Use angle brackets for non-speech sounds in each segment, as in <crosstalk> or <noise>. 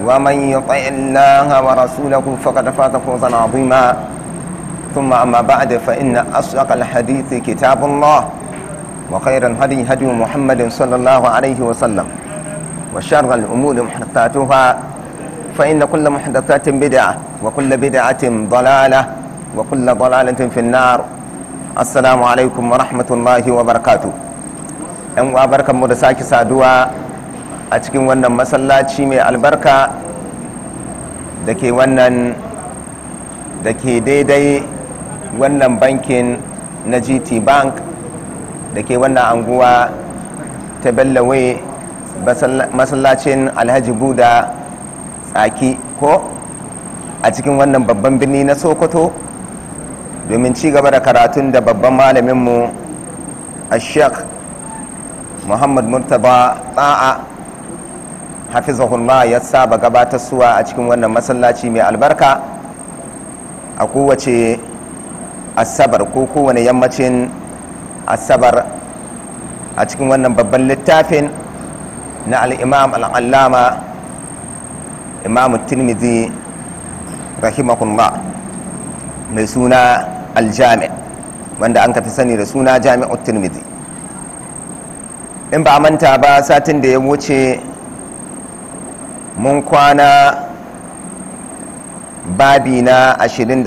ومن يطع الله ورسوله فقد فات فوزا عظيما ثم أما بعد فإن أصدق الحديث كتاب الله وخير الهدي هدي محمد صلى الله عليه وسلم وشر الأمور محدثاتها فإن كل محدثات بدعة وكل بدعة ضلالة وكل ضلالة في النار السلام عليكم ورحمة الله وبركاته ان وبركة مرساك سادوا a cikin wannan masallaci mai albarka da ke wannan da ke daidai wannan bankin na gt bank da ke wannan anguwa ta bellawe masallacin alhaji buda tsaki ko a cikin wannan babban birni na sokoto domin ci gaba da karatun da babban malaminmu a sheikh muhammad murtaba ta'a hafizahullah ya saba gabatar suwa a cikin wannan masallaci mai albarka a kowace asabar ko kowane yammacin asabar a cikin wannan babban littafin na al'imam al'allama imamu tirmidhi rahimahullah mai suna aljami wanda an kafi sani da suna jami'ar tirmidhi in ba manta ba satin da ya wuce mun kwana babi na 23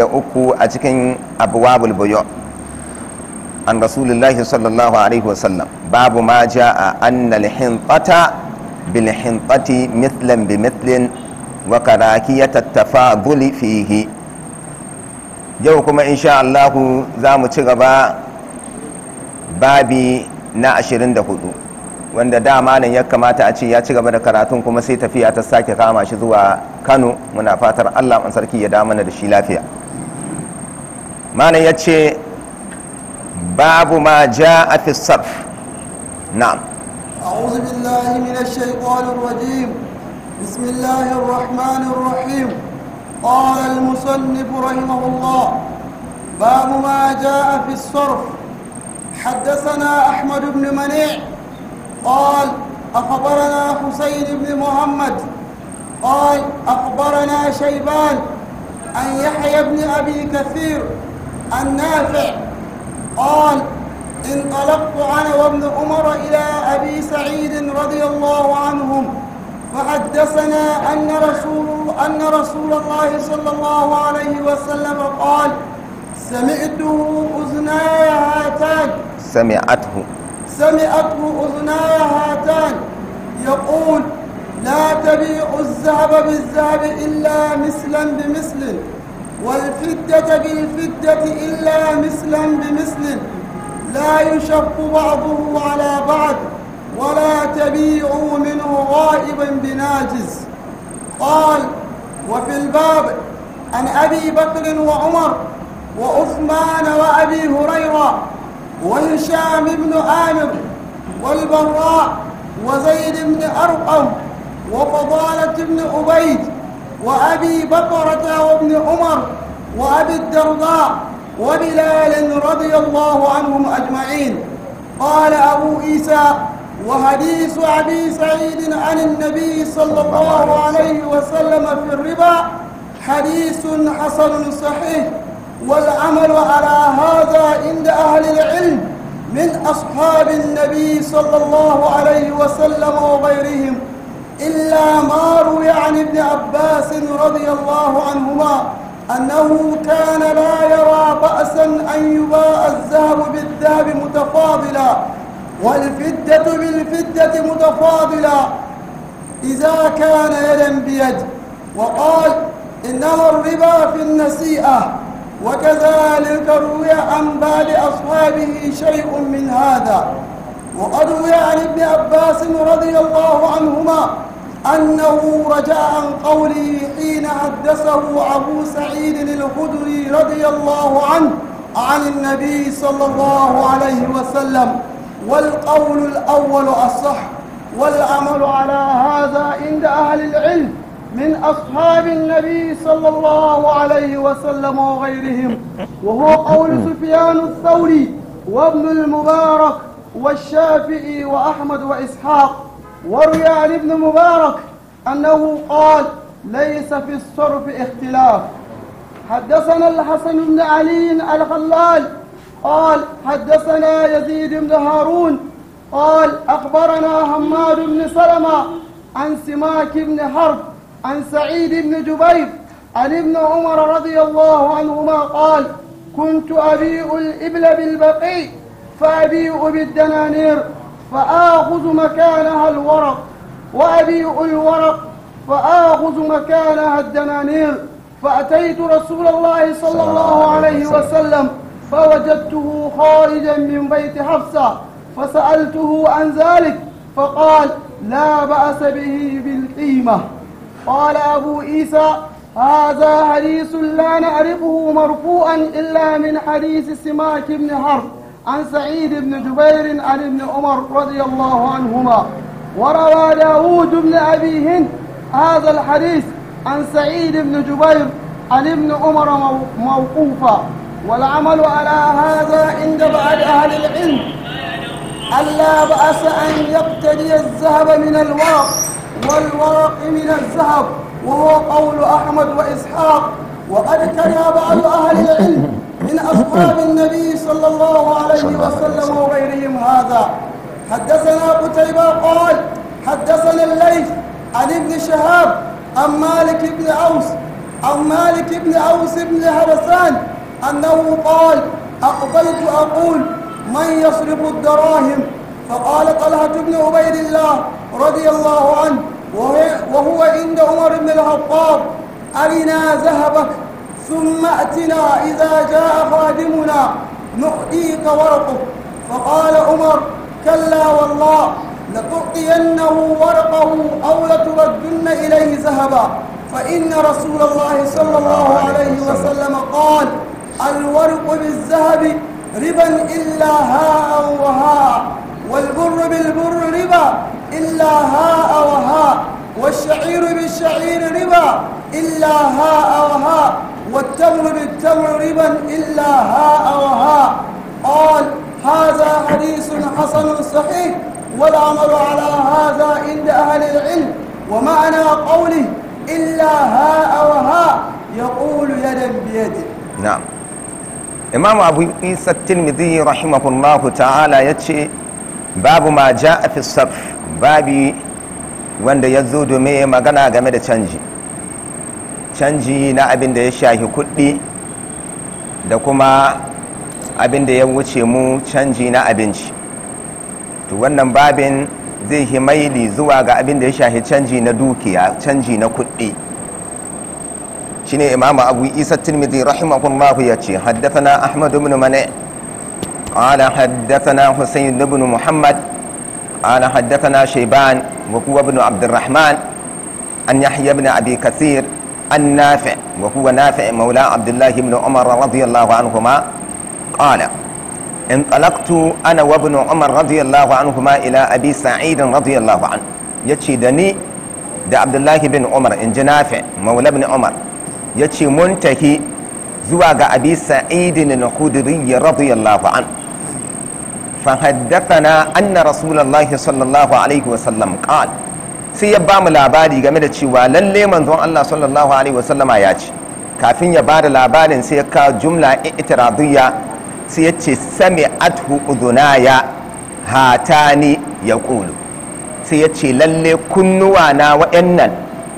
a cikin abuwabul buyo an rasulullahi sallallahu alaihi wasallam babu ma a annal hintata bil hintati mithlan bi mithlin wa karaki ya tattafa guli fihi yau kuma insha Allah za mu ci gaba babi na 24 wanda da malam ya kamata a ce ya ci gaba da karatun kuma sai tafiya ta sake kama shi zuwa kano muna fatar allah man sarki ya damana da shi lafiya malam ya ce babu ma ja a fi na. na'am أعوذ بالله من الشيطان الرجيم بسم الله الرحمن الرحيم قال المصنف رحمه الله باب ما جاء في الصرف حدثنا أحمد بن منيع قال أخبرنا حسين بن محمد قال أخبرنا شيبان عن يحيى بن أبي كثير النافع قال انطلقت أنا وابن عمر إلى أبي سعيد رضي الله عنهم فحدثنا أن رسول أن رسول الله صلى الله عليه وسلم قال سمعته أذناي هاتان سمعته سمعته أذناي هاتان يقول لا تبيع الذهب بالذهب إلا مثلا بمثل والفدة بالفدة إلا مثلا بمثل لا يشق بعضه على بعض ولا تبيعوا منه غائبا بناجز قال وفي الباب عن أبي بكر وعمر وعثمان وأبي هريرة وهشام بن عامر والبراء وزيد بن أرقم وفضالة بن عبيد وأبي بكرة وابن عمر وأبي الدرداء وبلال رضي الله عنهم أجمعين قال أبو عيسى وحديث أبي سعيد عن النبي صلى الله عليه وسلم في الربا حديث حسن صحيح والعمل على هذا عند أهل العلم من أصحاب النبي صلى الله عليه وسلم وغيرهم إلا ما روي عن ابن عباس رضي الله عنهما أنه كان لا يرى بأسا أن يباع الذهب بالذهب متفاضلا والفدة بالفدة متفاضلا إذا كان يدا بيد وقال إنما الربا في النسيئة وكذلك روي عن بال أصحابه شيء من هذا وقد روي عن ابن عباس رضي الله عنهما أنه رجع عن قوله حين حدثه أبو سعيد الخدري رضي الله عنه عن النبي صلى الله عليه وسلم والقول الأول أصح والعمل على هذا عند أهل العلم من أصحاب النبي صلى الله عليه وسلم وغيرهم وهو قول سفيان الثوري وابن المبارك والشافعي وأحمد وإسحاق وروي عن ابن مبارك أنه قال ليس في الصرف اختلاف حدثنا الحسن بن علي الخلال قال حدثنا يزيد بن هارون قال أخبرنا حماد بن سلمة عن سماك بن حرب عن سعيد بن جبير عن ابن عمر رضي الله عنهما قال كنت أبيء الإبل بالبقي فأبيء بالدنانير فآخذ مكانها الورق وأبيء الورق فآخذ مكانها الدنانير فأتيت رسول الله صلى الله عليه وسلم فوجدته خارجا من بيت حفصة فسألته عن ذلك فقال لا بأس به بالقيمة قال أبو عيسى هذا حديث لا نعرفه مرفوعا إلا من حديث سماك بن حرب عن سعيد بن جبير عن ابن عمر رضي الله عنهما وروى داود بن أبي هند هذا الحديث عن سعيد بن جبير عن ابن عمر موقوفا والعمل على هذا عند بعض أهل العلم ألا بأس أن يقتدي الذهب من الورق والورق من الذهب وهو قول أحمد وإسحاق وقد كان بعض أهل العلم من أصحاب النبي صلى الله عليه وسلم وغيرهم هذا حدثنا قتيبة قال حدثنا الليث عن ابن شهاب عن مالك بن أوس عن مالك بن أوس بن هرسان أنه قال أقبلت أقول من يصرف الدراهم فقال طلحة بن عبيد الله رضي الله عنه وهو عند عمر بن الخطاب أرنا ذهبك ثم أتنا إذا جاء خادمنا نعطيك ورقه فقال عمر كلا والله لتعطينه ورقه أو لتردن إليه ذهبا فإن رسول الله صلى الله عليه وسلم قال الورق بالذهب ربا إلا هاء وهاء والبر بالبر ربا إلا هاء وهاء والشعير بالشعير ربا إلا هاء وهاء والتمر بالتمر ربا إلا هاء وهاء قال هذا حديث حسن صحيح والعمل على هذا عند أهل العلم ومعنى قوله إلا هاء وهاء يقول يدا بيد نعم إمام أبو عيسى التلمذي رحمه الله تعالى يتشي babu ma ja a fisaf babi wanda ya zo domin ya magana game da canji canji na abin da ya shahi kuɗi da kuma abin da ya wuce mu canji na abinci to wannan babin zai yi maili zuwa ga abin da ya shahi canji na dukiya canji na kuɗi shine imamu abu isa tirmidhi rahimahullahu ya ce haddafa na ahmadu bin قال حدثنا حسين بن محمد قال حدثنا شيبان وهو ابن عبد الرحمن أن يحيى بن أبي كثير النافع وهو نافع مولى عبد الله بن عمر رضي الله عنهما قال انطلقت أنا وابن عمر رضي الله عنهما إلى أبي سعيد رضي الله عنه يتشدني دني abdullahi عبد الله بن عمر nafi جنافع مولى umar عمر ce منتهي tahi zuwa سعيد الخدري رضي الله عنه فحدثنا أن رسول الله صلى wa sallam وسلم sai ya ba mu labari game da cewa lalle manzon Allah sallallahu alaihi wasallama ya ce kafin ya bada labarin sai ya kawo jumla itiradiyya sai ya ce sami athu udunaya hatani ya kulu sai ya ce lalle kunnuwa na wa'annan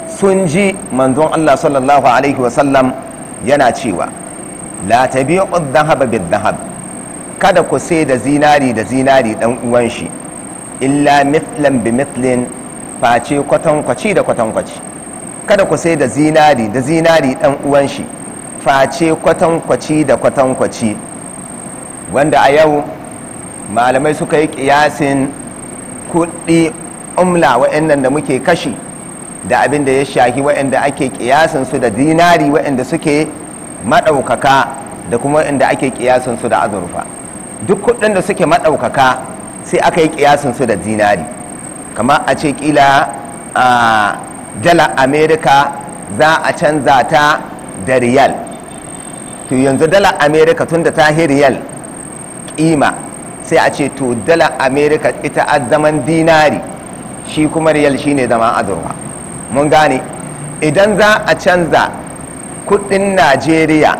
sun ji manzon Allah sallallahu alaihi sallam yana cewa la tabi'u dhahaba bid dhahab kada ku sai da zinari da zinari dan uwan shi illa mithlan bi mithlin face kwatankwaci da kwatankwaci kada ku sai da zinari da zinari dan uwan shi face kwatankwaci da kwatankwaci wanda a yau malamai suka yi kiyasin kuɗi umla wa'annan da muke kashi da abin da ya shahi wa'anda ake kiyasin su da dinari wa'anda suke maɗaukaka da kuma wa'anda ake kiyasin su da azurfa duk kuɗin da suke maɗaukaka sai aka yi kiyasin su da zinari kama a ce ƙila a dala amerika za a canza ta da riyal to yanzu dala amerika tun da ta riyal ƙima sai a ce to dala amerika ita a zaman dinari shi kuma riyal shi ne zama azurwa mun gane idan za a canza kuɗin najeriya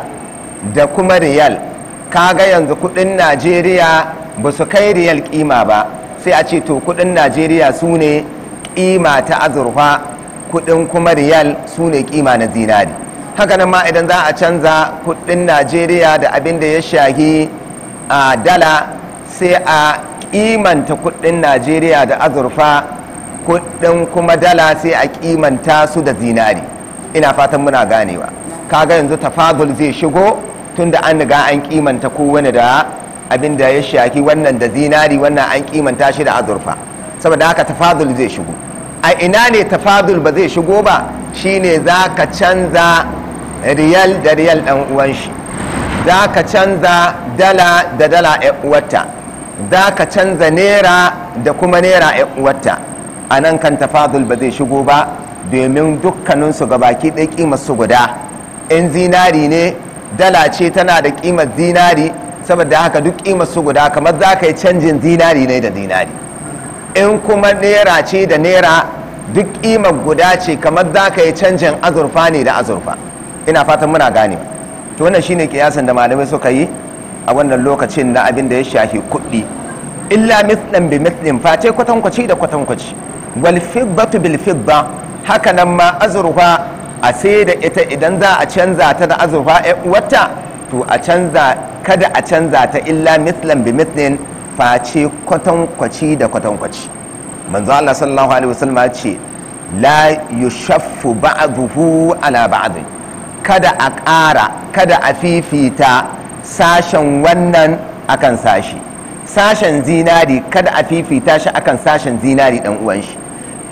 da kuma riyal kaga yanzu kudin najeriya ba su kai riyal kima ba sai a ce to kudin najeriya su ne kima ta azurfa kudin kuma riyal su ne kima na zinari hakanan ma idan za a canza kudin najeriya da abin da ya shagi a dala sai a kimanta kudin najeriya da azurfa kudin kuma dala sai a kimanta su da zinari ina fatan muna ganewa kaga yanzu tafazul zai shigo tun da an riga an kimanta kowane da abin da ya shaki wannan da zinari wannan an kimanta shi da azurfa saboda haka tafadul zai shigo a ina ne tafadul ba zai shigo ba shine za ka canza riyal da riyal ɗan uwan shi za ka canza dala da dala uwarta za ka canza naira da kuma naira uwarta a nan kan tafadul ba zai shigo ba domin dukkaninsu ga baki ɗaya kimar su guda in zinari ne dala ce tana da ƙimar zinari saboda haka duk kimar su guda kamar za ka yi canjin zinari ne da zinari in kuma naira ce da naira duk kimar guda ce kamar za ka yi canjin azurfa ne da azurfa ina fatan muna gane to wannan shine kiyasan da malamai suka yi a wannan lokacin na abin da ya shafi kuɗi illa mislan bi mithlin face kwatankwaci da kwatankwaci wal fiddatu bil fidda haka nan ma azurfa a sai da ita idan za a canza ta da azurfa eh, wata to a canza kada a canza ta illa mislan bi mislin face kwatankwaci da kwatankwaci manzo Allah sallallahu alaihi wasallam ce la yushaffu ba'dhuhu ala ba'd kada a ƙara kada a fifita sashen wannan akan sashi sashen zinari kada a fifita shi akan sashen zinari dan uwan shi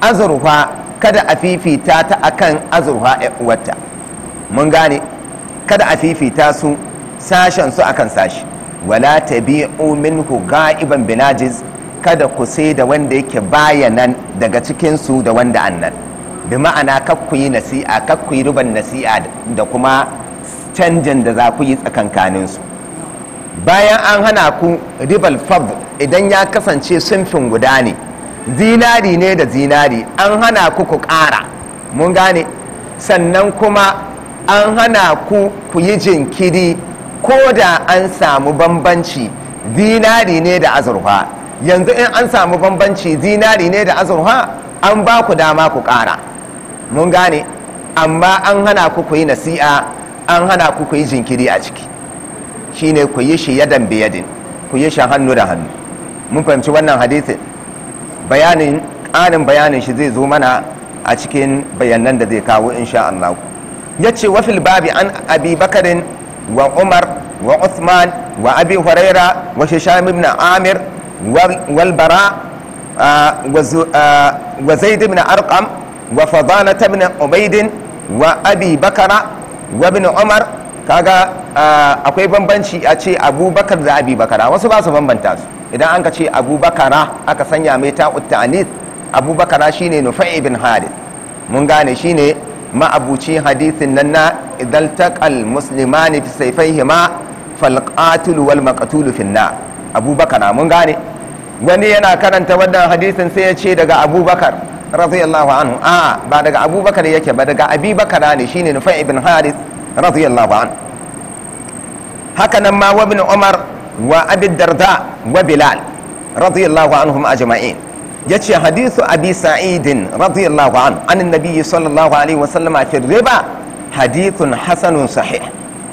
azurfa kada a fifita ta akan azurfa uwarta mun gane kada a fifita su sashen su akan sashi wala ta bi minhu ga'iban binajis kada ku sai da wanda yake bayanan daga cikinsu da wanda annan bi ma'ana kakku yi nasi'a kakku yi ruban nasi'a da kuma canjin da za ku yi tsakankanin bayan an hana ku ribal fab idan ya kasance sunfin guda ne zinari ne da zinari an hana ku ku ƙara mun gane sannan kuma an hana ku ku yi jinkiri ko da an samu bambanci zinari ne da azurfa yanzu in an samu bambanci zinari ne da azurfa an ba ku dama ku ƙara mun gane amma an hana ku ku yi nasi'a an hana ku ku yi jinkiri a ciki shine ku yi shi yadan biyadin ku yi shi hannu da hannu mun fahimci wannan hadisin bayanin ƙarin bayanin shi zai zo mana a cikin bayanan da zai kawo insha Allah ya ce wa fil babi an abi bakarin wa umar wa usman wa abi huraira wa shisham ibn amir wal bara wa zaid ibn arqam wa fadana ibn ubaid wa abi bakara wa ibn umar kaga akwai bambanci a ce abubakar da abi bakara wasu ba su bambanta su idan an ka ce abubakara aka sanya mai ta ta'anis abubakara shine nufa ibn hadis mun gane shine ma'abuci hadisin nan na idan taqal musulmani fi saifai hima qatil wal maqtul finna abubakara mun gane wani yana karanta wannan hadisin sai ya ce daga abubakar radiyallahu anhu a ba daga abubakar yake ba daga abubakar ne shine nufa ibn hadis radiyallahu anhu haka nan ma wa umar wa abi darda wa bilal radiyallahu anhum ajma'in yace hadithu abi sa'idin radiyallahu anhu an nabiyyi sallallahu alaihi wa sallama fi riba hadithun hasanun sahih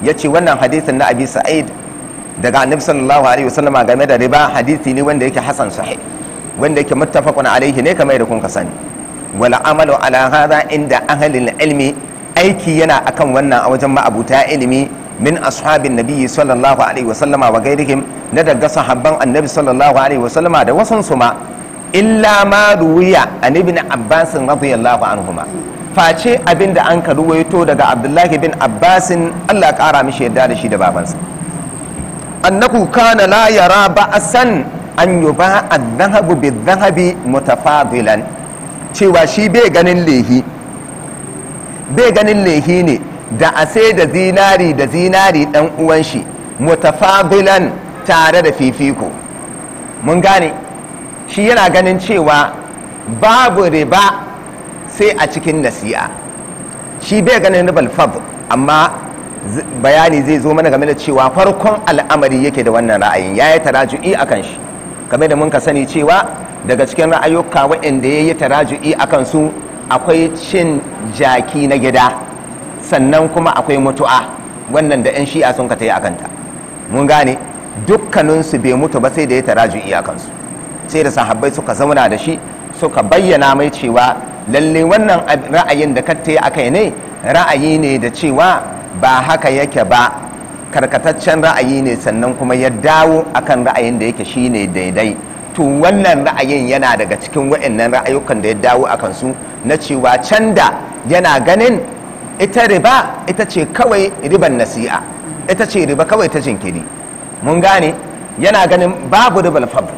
yace wannan hadithin na abi sa'id daga annabi sallallahu alaihi wa sallama game da riba hadithi ne wanda yake hasan sahih wanda yake muttafaqun alaihi ne kamar da kun ka sani wala amalu ala hadha inda ahli ilmi aiki yana akan wannan a wajen ma'abuta ilimi min ashabin nabiyyi sallallahu alaihi wasallama wa gairihim na daga sahabban annabi sallallahu alaihi wasallama da wasan su ma illa ma ruwiya an ibn abbas radiyallahu anhuma face abin da an ka ruwaito daga abdullahi bin Abbas. Allah kara mishi yadda da shi da babansa annaku kana la yara ba'san an yuba adh-dhahabu dhahabi mutafadilan cewa shi bai ganin lehi bai ganin lehi ne da ase da zinari da zinari dan uwan shi mutafabilan tare da fifiko mun gane shi yana ganin cewa babu riba sai a cikin nasi'a shi bai ganin ribal fab amma bayani zai zo mana game da cewa farkon al'amari yake da wannan ra'ayin ya yi taraju'i a kan shi game da mun ka sani cewa daga cikin ra'ayoka waɗanda ya yi taraju'i a kansu akwai cin jaki na gida sannan kuma akwai mutu'a wannan da 'yan shi'a sun ka ta yi akanta mun gane dukkaninsu bai mutu ba sai da ya taraju iyakansu sai da sahabbai suka zauna da shi suka bayyana mai cewa lalle wannan ra'ayin da ka ta yi akai ne ra'ayi ne da cewa ba haka yake ba karkataccen ra'ayi ne sannan kuma ya dawo akan ra'ayin da yake shine daidai to wannan ra'ayin yana daga cikin wa'annan ra'ayukan da ya dawo akan su na cewa canda yana ganin ita riba ita ce kawai riban nasi'a ita ce riba kawai ta jinkiri mun gane yana ganin babu ribal fadl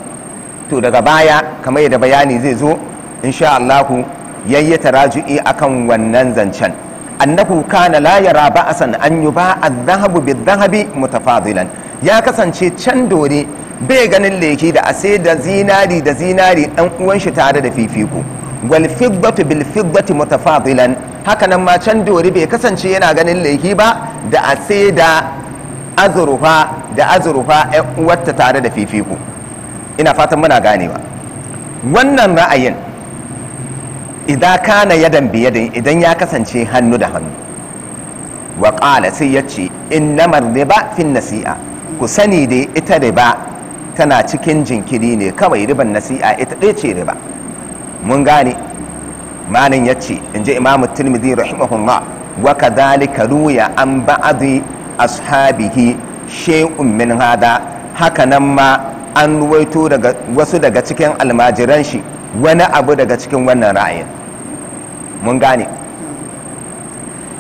to daga baya kamar yadda bayani zai zo insha Allahu yayye taraji'i akan wannan zancen annahu kana la yara ba'asan an yuba adh-dhahabu bidh-dhahabi mutafadilan ya kasance can dore bai ganin leki da ase da zinari da zinari dan uwan shi tare da fifiko wal fiddatu bil fiddati mutafadilan hakanan ma can dori bai kasance yana ganin laifi ba da a sai da azurfa da azurfa wata tare da fifiko. ina fatan muna ganewa wannan ra'ayin idan kana yadan biyadin idan ya kasance hannu da hannu wa ƙala sai ya ce innamar riba fin nasi'a ku sani dai ita riba tana cikin jinkiri ne kawai riban nasi'a ita ɗaya ce riba mun gane malin ya ce in ji imamu tilmidi rahimahullah wa dalika ruya an ba'adi ashabihi shay'un min hada haka nan ma an ruwaito daga wasu daga cikin almajiran shi wani abu daga cikin wannan ra'ayin mun gane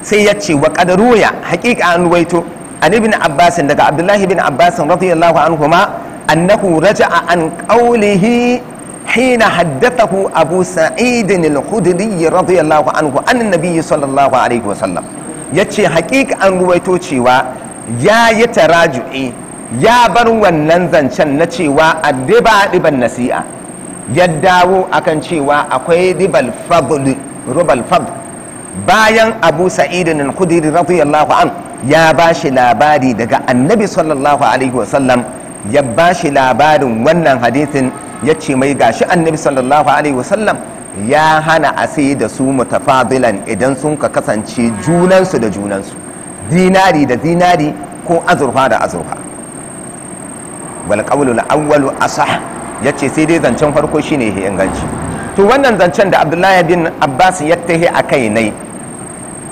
sai ya ce wa ruya haƙiƙa an ruwaito an ibn abbas daga abdullahi bin abbas radiyallahu anhu ma annahu raja'a an qawlihi حين حدثه أبو سعيد الخدري رضي الله عنه عن النبي صلى الله عليه وسلم يتشي حقيق أن رويتو تشيوا يا يتراجعي يا بروا الننزن شن نتشيوا الدبا دبا النسيئة يداو أكن تشيوا أكوي دبا الفضل ربا الفضل bayan abu sa'idin al-khudri radiyallahu an ya bashi labari daga annabi sallallahu alaihi wasallam ya bashi labarin wannan hadithin ya ce mai gashi annabi sallallahu alaihi wasallam ya hana a sai da su mutafadilan idan sun ka kasance junansu da junansu dinari da dinari ko azurfa da azurfa wal qawlu awwalu asah yace sai dai zancen farko shine ya inganci to wannan zancen da Abdullahi bin Abbas ya tahi akai ne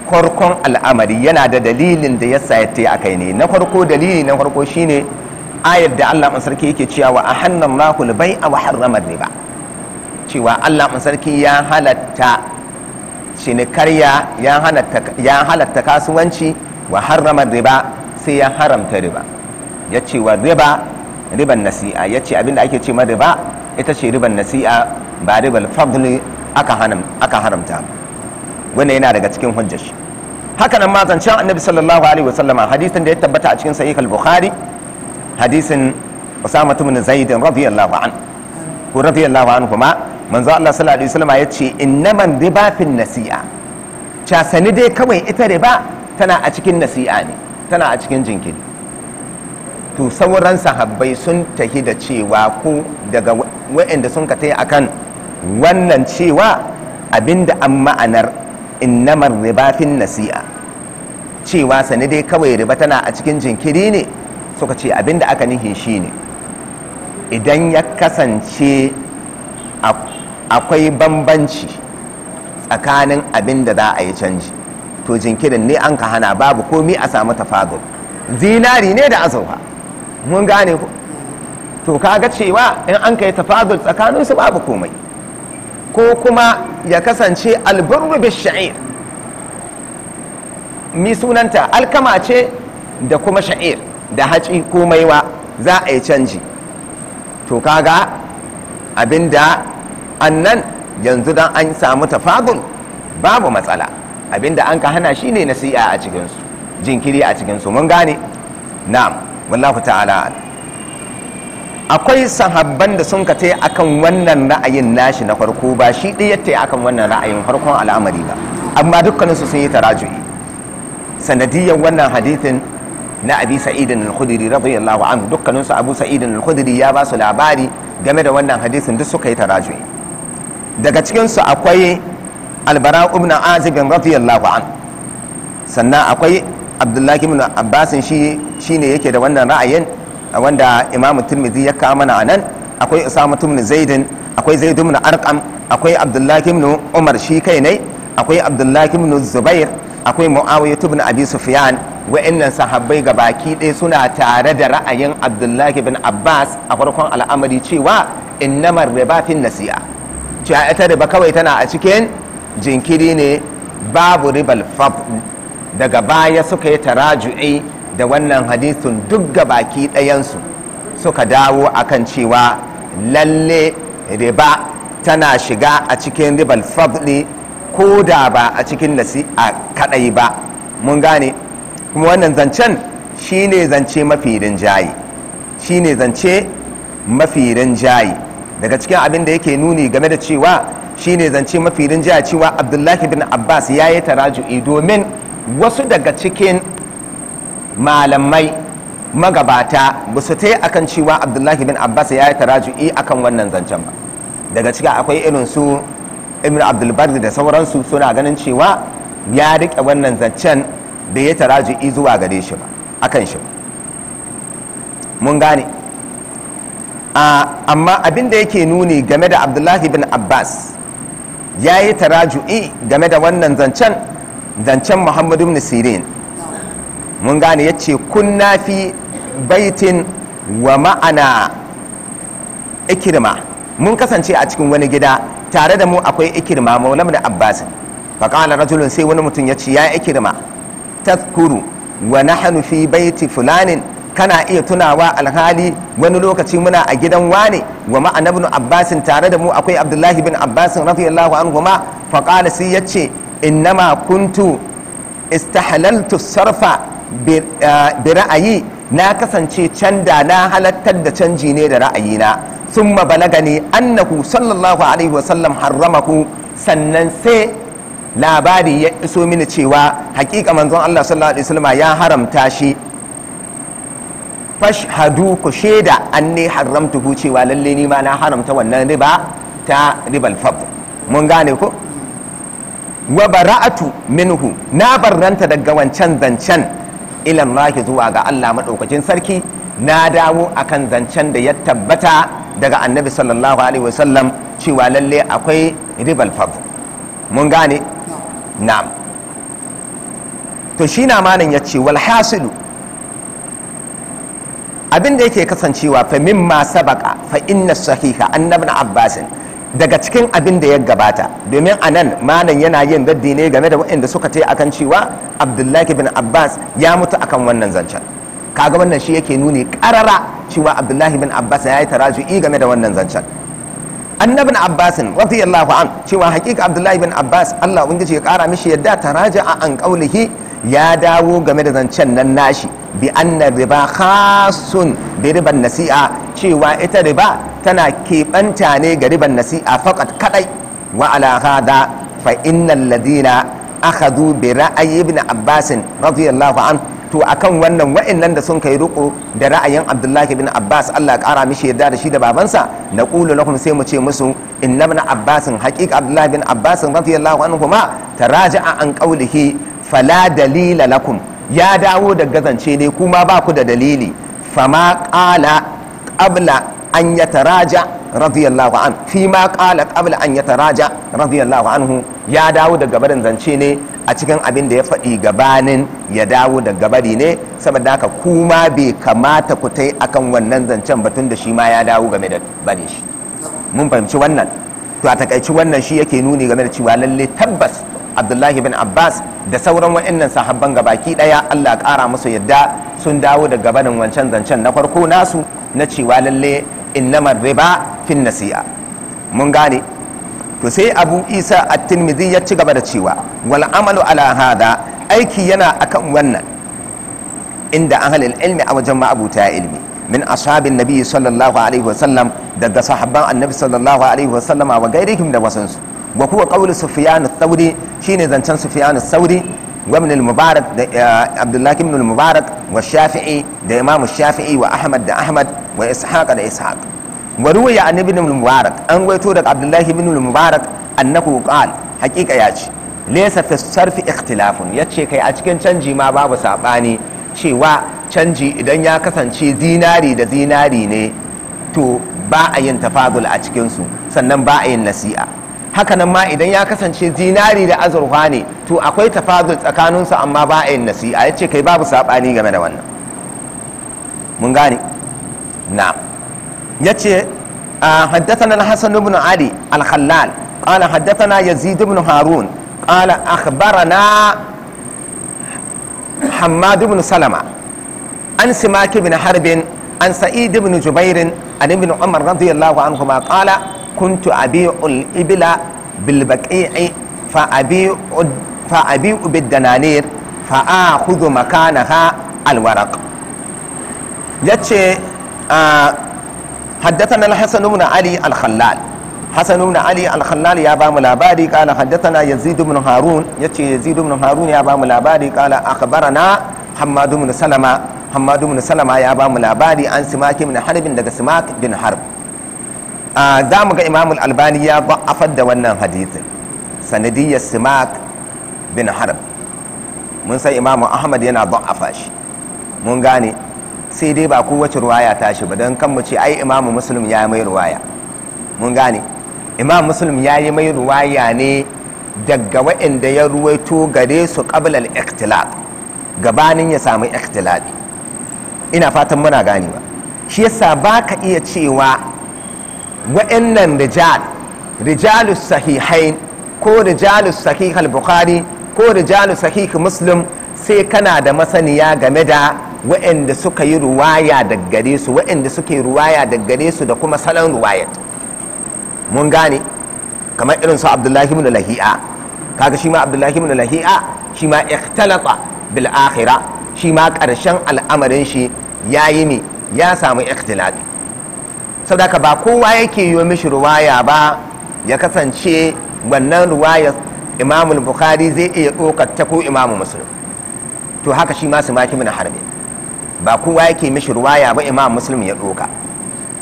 farkon al'amari yana da dalilin da yasa ya tahi akai ne na farko dalili na farko shine ayar da Allah sarki yake cewa wa ahanna Allahu al-bai'a wa harrama riba cewa Allah sarki ya halatta cinikarya ya halatta ya halatta kasuwanci wa harrama riba sai ya haramta riba ya ce wa riba riban nasi'a ya ce abinda ake ce ma riba ita ce riban nasi'a ba ribal fadli aka haramta wannan yana daga cikin hujjar shi haka nan ma zancen annabi sallallahu alaihi wasallama hadisin da ya tabbata a cikin sahih al-bukhari hadisin Usama ibn Zaid radiyallahu an ko radiyallahu an kuma manzo Allah sallallahu alaihi wasallam ya ce innaman riba nasi'a cha sani dai kawai ita riba tana a cikin nasi'a ne tana a cikin jinkiri to sauran sahabbai sun tahi da cewa ko daga wa'anda sun ka taya akan wannan cewa abinda an ma'anar innamar riba fin nasi'a cewa sani dai kawai riba tana a cikin jinkiri ne suka ce da aka nihi ne. idan ya kasance akwai bambanci tsakanin abin da za a yi canji to jinkirin ne an ka hana babu komi a samu tafadul zinari ne da azauha mun gane ku to kaga cewa in an kai tsakanin tsakaninsu babu komai ko kuma ya kasance albirru shair. mi sunanta alkama ce da kuma sha'ir da haci ko maiwa za a yi canji to kaga abinda annan yanzu don an samu tafagun babu matsala abinda an ka hana shi ne nasi'a a cikinsu jinkiri a cikinsu mun gane na'am wallahu ta'ala akwai sahabban da sun ka akan wannan ra'ayin nashi na farko ba shi ɗaya taya akan wannan ra'ayin farkon al'amari ba amma dukkaninsu sun yi taraju'i sanadiyar wannan hadithin na abi sa'idin al-khudri radiyallahu anhu dukkanin su abu sa'idin al-khudri ya ba su labari game da wannan hadisin duk suka yi daga cikin su akwai albara ibn azib radiyallahu anhu sannan akwai abdullah ibn abbas shi shine yake da wannan ra'ayin wanda imamu tirmidhi ya kawo mana anan akwai usama ibn zaidin akwai zaid ibn arqam akwai abdullah ibn umar shi kai ne akwai abdullah ibn zubair akwai muawiya ibn abi sufyan wa'annan sahabbai ga baki ɗaya suna tare da ra'ayin abdullahi bin abbas a farkon al'amari cewa innamar riba fin nasiya cewa ita riba kawai tana a cikin jinkiri ne babu ribal fab daga baya suka yi taraju'i da wannan hadisin duk ga baki ɗayansu suka dawo akan cewa lalle riba tana shiga a cikin ribal fab ne ko da ba a cikin nasi'a kaɗai ba mun gane kuma wannan zancen shi ne zance mafi rinjaye ne zance mafi rinjaye daga cikin abin da yake nuni game da cewa shi ne zance mafi rinjaye cewa abdullahi bin abbas ya yi taraju'i domin wasu daga cikin malamai magabata ba su ta yi akan cewa abdullahi bin abbas ya yi taraju'i akan wannan zancen ba daga ciki akwai irin su ibn abdulbar da sauransu suna ganin cewa ya rike wannan zancen bai yi taraji'i zuwa gare shi ba akan shi mun gane amma abin da yake nuni game da abdullahi bin abbas ya yi taraju'i game da wannan zancen zancen muhammadu bin sirin mun gane ya ce kunna fi baitin wa ma'ana ikirma mun kasance a cikin wani gida tare da mu akwai ikirma maulamin abbasin faƙalar rajulun sai wani mutum ya ce ya ikirma tazkuru wa nahnu fi baiti fulanin kana iya tunawa alhali wani lokaci muna a gidan wane wa ma'ana ibn abbasin tare da mu akwai abdullahi bin abbas radiyallahu anhu ma fa qala si yace innama kuntu istahlaltu sarfa eh, bi ra'ayi na kasance canda na halattar da canji ne da ra'ayina summa balagani annahu sallallahu alaihi wa sallam harramahu sannan sai labari ya iso mini cewa hakika manzon Allah sallallahu alaihi wasallam ya haramta shi fashhadu ku sheda anni haramtuhu cewa lalle ni ma na haramta wannan riba ta ribal fab mun gane ko wa bara'atu minhu na barranta daga wancan zancen ilan Allah zuwa ga Allah madaukakin sarki na dawo akan zancen da ya tabbata daga annabi sallallahu alaihi wasallam cewa lalle akwai ribal fab mun gane na'am to shi na malam ya ce walhasilu hasilu abin da yake kasancewa fa mimma sabaka fa inna sahiha annabin abbasin daga cikin abin da ya gabata domin a nan malam yana yin daddi ne game da waɗanda suka ta akan cewa abdullahi bin abbas ya mutu akan wannan zancen kaga wannan shi yake nuni karara cewa abdullahi bin abbas ya yi taraju'i game da wannan zancen annabin abbasin radiyallahu an cewa hakika abdullahi bin abbas allah ubangiji ya kara mishi yadda raja a an kaulihi ya dawo game da zancen nan nashi bi anna riba khasun bi riban nasi'a cewa ita riba tana keɓanta ne ga riban nasi'a fakat kadai wa ala hada fa innal ladina akhadhu bi ra'ayi ibn abbas radiyallahu an to akan wannan wa'annan da sun kai ruku da ra'ayin abdullahi bin abbas allah kara mishi yadda da shi da babansa na kulu lahum sai mu ce musu inna na abbasin haƙiƙa abdullahi bin abbasin radiyallahu Ta raja a an qawlihi fala dalila lakum ya dawo da gazance ne kuma ba ku da dalili fama qala qabla an taraja radiyallahu an fi ma qala qabla an taraja radiyallahu anhu ya dawo da gabarin zance ne a cikin abin da ya faɗi gabanin ya dawo da gabari ne saboda haka kuma bai kamata ku tai akan wannan zancen batun da shi ma ya dawo game da bare shi mun fahimci wannan to a takaici wannan shi yake nuni game da cewa lalle tabbas abdullahi bin abbas da sauran wa'annan sahabban gabaki daya allah kara musu yadda sun dawo da gabanin wancan zancen na farko nasu na cewa lalle innamar riba fin nasi'a mun gane to sai abu isa at-tirmidhi ya ci gaba da cewa wal amalu ala hada aiki yana akan wannan inda ahlul ilmi a wajen ma'abuta ilmi min ashabin nabi sallallahu alaihi wasallam daga sahabban annabi sallallahu alaihi wasallam wa gairihim da wasansu wa kuwa qawlu sufyan ath-thawri shine zancen sufyan ath-thawri وابن المبارك عبد الله بن المبارك والشافعي ده امام الشافعي واحمد ده احمد واسحاق ده اسحاق وروي عن ابن المبارك ان ويتو ده عبد الله بن المبارك انه قال حقيقه ياتي ليس في الصرف اختلاف yace kai a cikin canji ma babu sabani cewa canji idan ya kasance zinari da zinari ne to ba a yin tafadul a cikin su sannan ba a yin nasi'a hakanan ma idan ya kasance zinari da azurfa ne to akwai tafazul tsakaninsu amma ba a yin nasi'a ya ce kai babu saɓani game da wannan mun gane na yace ce hassan ibn ali al-khallal ƙala haddasa yazid ibn harun ƙala akhbara na ibn salama an bin harbin an sa'id ibn jubairin an ibn umar radiyallahu anhu ma ƙala كنت abi'ul ibla بالبقيع baqi'i fa بالدنانير fa مكانها الورق dananir حدثنا الحسن بن علي الخلال حسن بن علي الخلال يا بام الاباري قال حدثنا يزيد بن هارون يتي يزيد بن هارون يا بام الاباري قال اخبرنا حماد بن سلمة حماد بن سلمة يا بام الاباري عن سماك بن حرب دغ سماك بن حرب Ah, za mu ga imamul albani ya ba'afar da wannan hadithin sanadiyyar simak bin harb mun san imamu ahmad yana ba'afa shi mun gane sai dai ba kowace ruwaya ta shi ba don kan mu ce ai imamu muslim ya mai ruwaya mun gane imam muslim ya yi mai ruwaya ne daga waɗanda ya ruwaito gare su ƙabilar ikhtilaf gabanin ya samu ikhtilafi ina fatan muna ganewa shi yasa ba ka iya cewa wa'annan rijal rijalus sahihain ko rijalus sahih al-bukhari ko rijalus sahih muslim sai kana da masaniya game da wa'anda suka yi ruwaya daga gare su wa'anda suke ruwaya daga gare su da kuma salon ruwayat mun gane kamar irin su abdullahi ibn lahi'a kaga shi ma abdullahi ibn lahi'a shi ma ikhtalata bil akhirah shi ma karshen al'amarin shi yayi ne ya samu ikhtilafi saboda ba kowa yake yi mishi ruwaya ba ya kasance wannan ruwaya imamul bukhari zai iya ɗaukar ta ko imamu muslim to haka shi ma su maki mana harbi ba kowa yake mishi ruwaya ba imam muslim ya ɗoka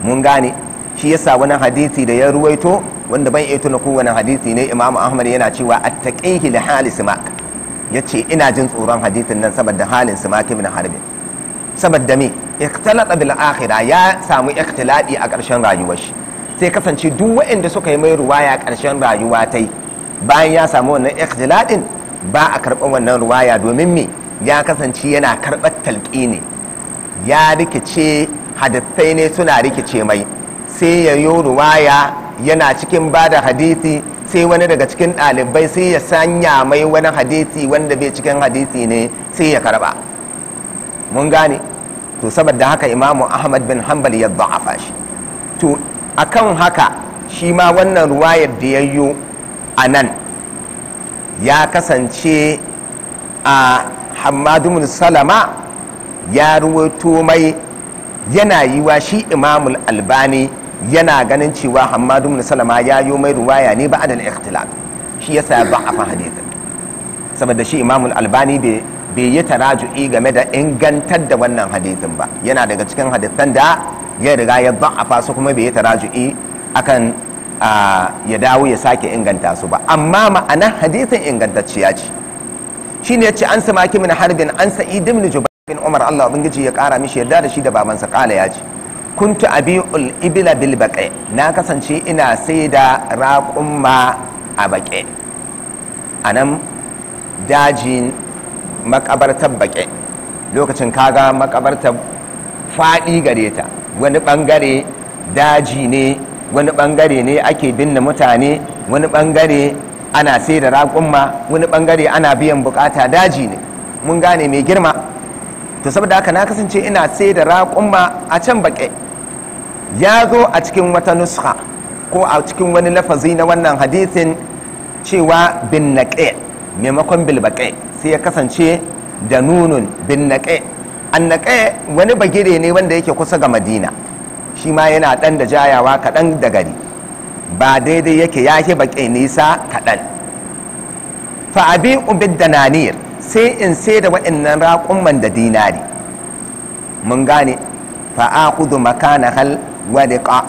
mun gane shi yasa wani hadisi da ya ruwaito wanda ban eto tuna kowane hadisi ne imamu ahmad yana cewa "A attaqihi da hali simak ya ce ina jin tsoron hadisin nan saboda halin simak ibn harbi saboda me ikhtalata bil akhirah ya samu ikhtilati a ƙarshen rayuwar shi sai kasance duk waɗanda suka yi mai ruwaya ƙarshen rayuwa tai bayan ya samu wannan ikhtilatin ba a karɓar wannan ruwaya domin me ya kasance yana karɓar talƙi ne ya rikice hadisai ne suna rikice mai sai ya yi ruwaya yana cikin bada hadisi sai wani daga cikin ɗalibai sai ya sanya mai wani hadisi wanda bai cikin hadisi ne sai ya karɓa mun gane to saboda haka imamu ahmad bin hanbal ya zaafa shi to akan haka shi ma wannan ruwayar da ya yayyo a nan ya kasance a hammadu salama ya ruwato mai yana yiwa shi imamu albani yana ganin cewa hammadu salama ya yi mai ruwaya ne ba adal ikhtilaf shi yasa ya da'afa hadithin saboda shi imamul albani bai bai yi taraju'i game da ingantar da wannan hadithin ba yana daga cikin hadithan da ya riga ya ba'a faso kuma bai yi taraju'i akan ya dawo ya sake inganta su ba amma ma'ana hadithin ingantacciya ce shi ya ce an sama min harbin an sa'id ni jubair bin umar Allah ubangiji ya kara mishi yarda da shi da babansa kala ya ce kuntu abi'ul ibila bil baqi na kasance ina sai da raƙumma a baqi anan dajin makabartar baƙe lokacin kaga makabartar faɗi gare ta wani ɓangare daji ne wani ɓangare ne ake binne mutane wani ɓangare ana sai da raƙumma wani ɓangare ana biyan buƙata daji ne mun gane mai girma to saboda haka na kasance ina sai da raƙumma a can baƙe ya zo a cikin wata nuska ko a cikin wani lafazi na wannan hadisin cewa bin naƙe maimakon bilbaƙe sai ya kasance da nunun bin naƙe an naƙe wani bagire ne wanda yake kusa ga madina shi ma yana ɗan da jayawa kaɗan da gari ba daidai yake ya ke baƙe nisa kaɗan abin ubid da naniyar sai in sai da wa'annan raƙumman da dinari mun gane fa a kudu makana hal wadiƙa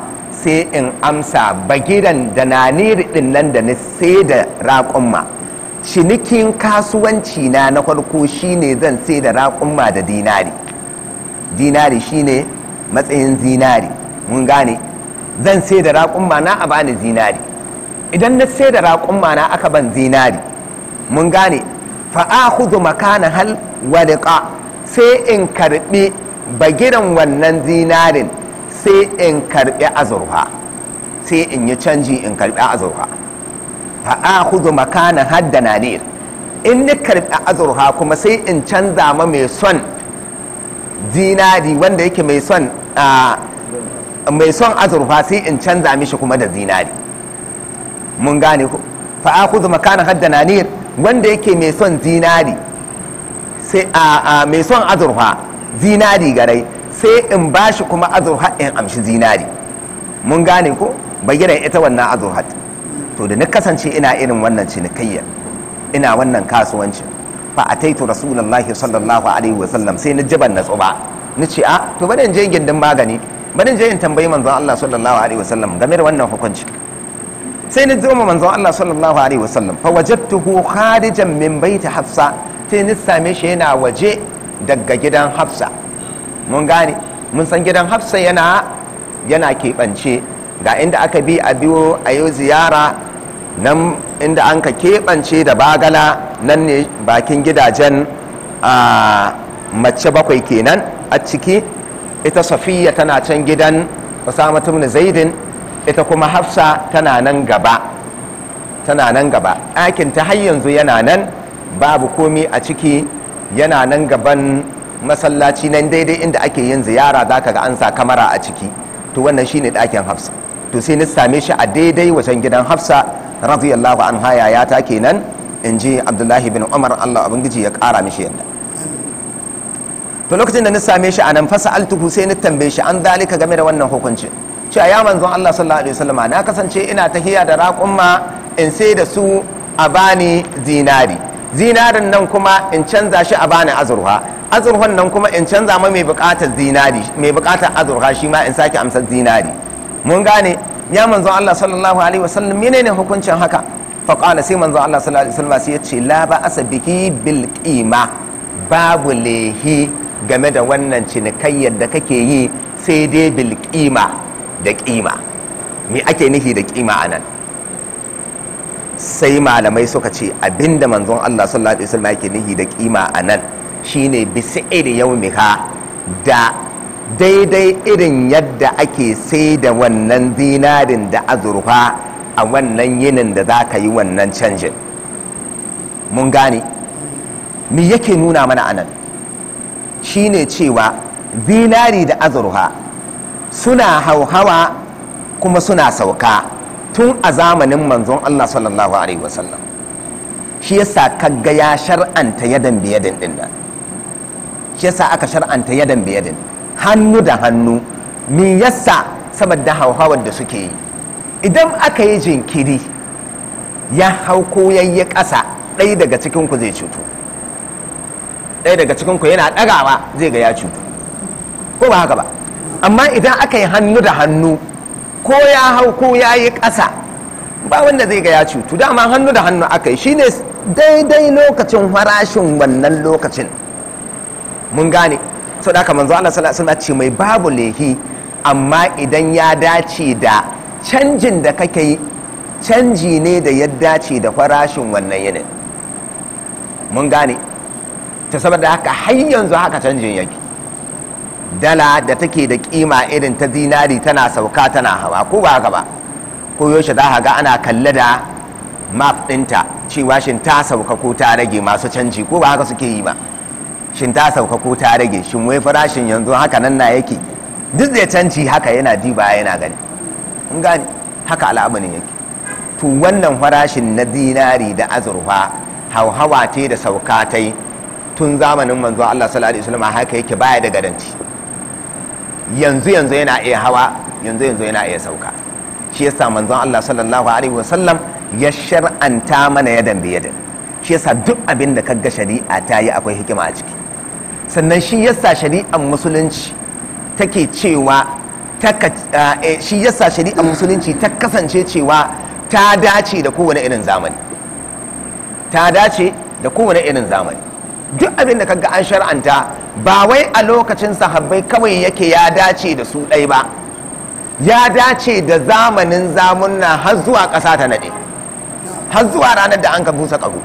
sai in amsa bagiran da naniyar ɗin nan da ni sai da raƙumma cinikin kasuwanci na na farko shine zan sai da raƙumma da dinari dinari shine matsayin zinari mun gane zan sai da raƙumma na a bani zinari idan na sai da raƙumma na aka ban zinari mun gane fa'ahudu makana hal wadiƙa sai in karɓi bagiran wannan zinarin sai in karɓi azurfa sai in yi canji in karɓi azurfa a akhudhu makana hadda nadir in ni karbi azurha kuma sai in canza ma mai son zinari wanda yake mai son mai son azurfa sai in canza mishi kuma da zinari mun gane ku fa akhudhu makana hadda nadir wanda yake mai son zinari sai a mai son azurfa zinari garai sai in bashi kuma azurha in amshi zinari mun gane ku bayyana ita wannan azurfa. to da na kasance ina irin wannan cinikayya ina wannan kasuwanci fa taito rasulullahi sallallahu alaihi wa sallam. sai na jiban natsu ba ni ce a ah, to bari in je gindin magani bari in je in tambayi manzon Allah sallallahu alaihi wa sallam. game da wannan hukunci sai na jima manzon Allah sallallahu alaihi wa sallam. fa wajadtuhu kharijan min bayti hafsa sai ni same shi yana waje daga gidan hafsa mun gane mun san gidan hafsa yana yana keɓance ga inda aka bi a biyo a yi ziyara nan inda an ka keɓance da bagala nan ne bakin gidajen a mace bakwai kenan a ciki ita safiya tana can gidan usama tun zaidin ita kuma hafsa tana nan gaba tana nan gaba ɗakin ta har yanzu yana nan babu komi a ciki yana nan gaban masallaci nan daidai inda ake yin ziyara za ka ga an sa kamara a ciki to wannan shine ɗakin hafsa to sai na same shi a daidai wajen gidan hafsa radiyallahu ya ta kenan in ji abdullahi bin umar allah ubangiji ya kara mishi yadda to lokacin da na same shi a nan fasa altuhu sai na tambaye shi an dalika game da wannan hukunci cewa ya manzon allah sallallahu alaihi wasallama na kasance ina tahiya da raƙumma in sai da su a bani zinari zinarin nan kuma in canza shi a bani azurwa azurwan nan kuma in canza ma mai buƙatar zinari mai buƙatar azurwa shi ma in sake amsar zinari mun gane ya manzo Allah sallallahu alaihi wasallam menene hukuncin haka Fa qala sai manzo Allah sallallahu alaihi wasallam sai ya ce la ba asabiki bil qima babu lehi game da wannan cinikayyar da kake yi sai dai bil qima da qima me ake nufi da qima anan sai malamai suka ce abinda manzon Allah sallallahu alaihi wasallam yake nufi da qima anan shine bi sa'ir yaumiha da daidai irin yadda ake sai da wannan zinarin da azurfa a wannan yinin da za ka yi wannan canjin mun gane me yake nuna mana anan shine cewa zinari da azurfa suna hauhawa kuma suna sauka tun a zamanin manzon Allah sallallahu alaihi wasallam shi yasa kagga ya shar'anta yadan biyadin din nan shi yasa aka shar'anta yadan biyadin hannu da hannu me yasa saboda hauhawar da suke yi idan aka yi jinkiri ya hau ko yayye ƙasa ɗaya daga cikin zai cutu ɗaya daga cikin yana ɗagawa zai ga ya cutu ko ba haka ba amma idan aka yi hannu da hannu ko ya hau ko ya yi ƙasa ba wanda zai ga ya cutu dama hannu da hannu aka yi shine daidai lokacin farashin wannan lokacin mun gane so da manzo ana suna ce mai babu lehi amma idan ya dace da canjin da kake yi canji ne da ya dace da farashin wannan yinin mun gane ta saboda haka har yanzu haka canjin yake dala da take da kima irin ta zinari tana sauka tana hawa ko ba haka ba ko yaushe za ga ana kalle da map ɗinta cewa shin ta sauka ko ta rage masu canji ko ba haka suke yi ba shin ta sauka ko ta rage shin wai farashin yanzu haka nan na yake duk zai canci haka yana diba yana gani in gani haka al'amarin yake to wannan farashin na dinari da azurfa hauhawa te da sauka ta yi tun zamanin manzo Allah sallallahu alaihi wasallam haka yake baya da garanti yanzu yanzu yana iya hawa yanzu yanzu yana iya sauka shi yasa manzo Allah sallallahu alaihi wasallam ya shar'anta mana yadan da yadan shi yasa duk abin da kaga shari'a ta yi akwai hikima a ciki sannan shi yasa shari'ar musulunci take cewa eh, eh, shi yasa shari'ar musulunci ta kasance cewa ta dace da kowane irin zamani ta dace da kowane irin zamani duk abin da kaga an shar'anta ba wai a lokacin sahabbai kawai yake ya dace da su ɗai ba ya dace da zamanin zamunna har zuwa ƙasa ta naɗe har zuwa ranar da an ka busa ƙaho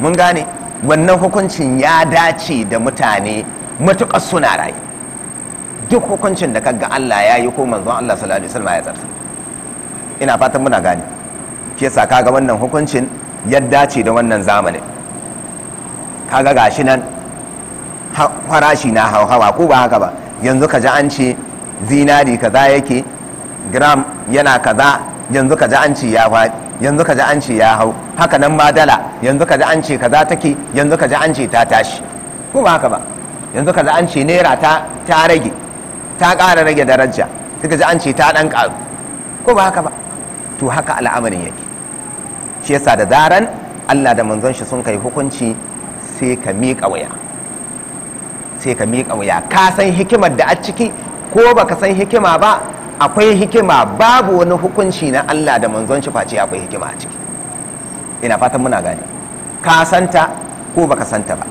mun gane wannan hukuncin ya dace da mutane matuƙar suna rai duk hukuncin da kaga Allah ya yi ko manzon Allah sallallahu alaihi wasallam ya tsarsa ina fatan muna gani Ke sa kaga wannan hukuncin ya dace da wannan zamanin kaga gashi nan farashi na hauhawa ko ba haka ba yanzu ka ji an ce zinari kaza yake gram yana kaza yanzu ka ji an ce ya faɗi yanzu ka ji an ce ya hau haka nan ma dala yanzu ka ji an ce kaza take yanzu ka ji an ce ta tashi ko ba haka ba yanzu ka ji an ce naira ta ta rage ta ƙara rage daraja suka ji an ce ta ɗan ƙaru ko ba haka ba to haka al'amarin yake shi yasa da zaran Allah da manzon shi sun kai hukunci sai ka miƙa waya sai ka miƙa waya ka san hikimar da a ciki ko baka san hikima ba akwai hikima babu wani hukunci na Allah da manzon shi face akwai hikima a ciki ina fatan muna gane ka santa ko baka santa ba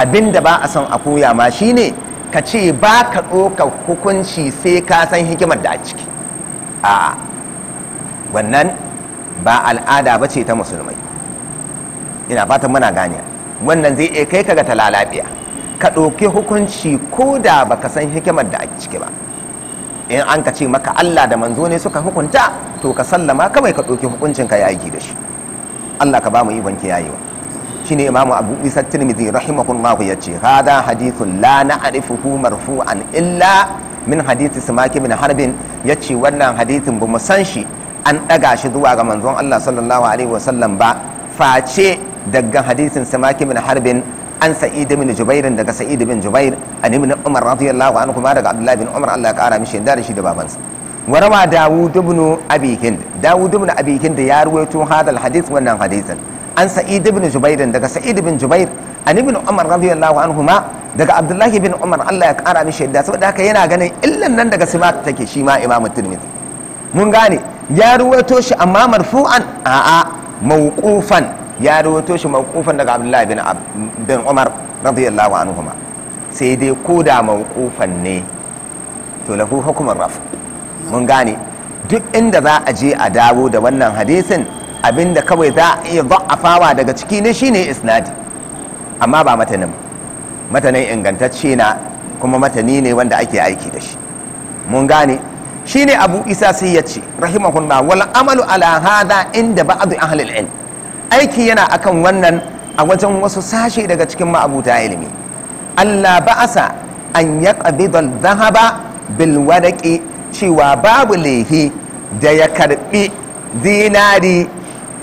abin da ba a son a koya ma shine ka ce ba ka ɗauka hukunci sai ka san hikimar da a ciki a wannan ba al'ada ba ce ta musulmai ina fatan muna gane wannan zai iya kai ka ga lalabiya. ka ɗauki hukunci ko da baka san hikimar da a ciki ba in an ka ce maka Allah da manzo ne suka hukunta to ka sallama kawai ka ɗauki hukuncin ka yi aiki da shi Allah ka ba mu ikon kiyayewa shine imamu abu isa tirmidhi ya yace hada hadithun la na fu marfu'an illa min hadithi samaki min harbin Ya ce wannan hadithin bamu san shi an ɗaga shi zuwa ga manzon Allah sallallahu alaihi wasallam ba face daga hadisin samaki min harbin an sa'id bin jubair daga sa'id bin jubair an ibn umar radiyallahu anhu ma daga abdullahi bin umar Allah ya kara mishi da shi da babansa wa rawa dawud ibn abi hind dawud ibn abi hind ya ruwaito hadal hadith wannan hadithin an sa'id bin jubair daga sa'id bin jubair an ibn umar radiyallahu anhu ma daga abdullahi bin umar Allah ya kara mishi da saboda haka yana ganin illan nan daga sima take shi ma imamu tirmidhi mun gane ya ruwaito shi amma marfu'an a'a mawqufan ya rawato shi mawqufan daga abdullahi bin bin umar radiyallahu ma sai dai ko da mawqufan ne to lahu hukumar rafu. mun gane duk inda za a je a dawo da wannan hadisin abinda kawai za a iya da'afawa daga ciki ne shine isnadi amma ba matanin matanin ingantacce na kuma matani ne wanda ake aiki da shi mun gane shine abu isa sai ya ce rahimahullah wal amalu ala hadha inda ba'd ahli al-ilm aiki yana akan wannan a wajen wasu sashe daga cikin ma'abuta ilimi Allah ba'asa an ya ƙabidon zahaba bilwadaƙi cewa babu lehi da ya karɓi zinari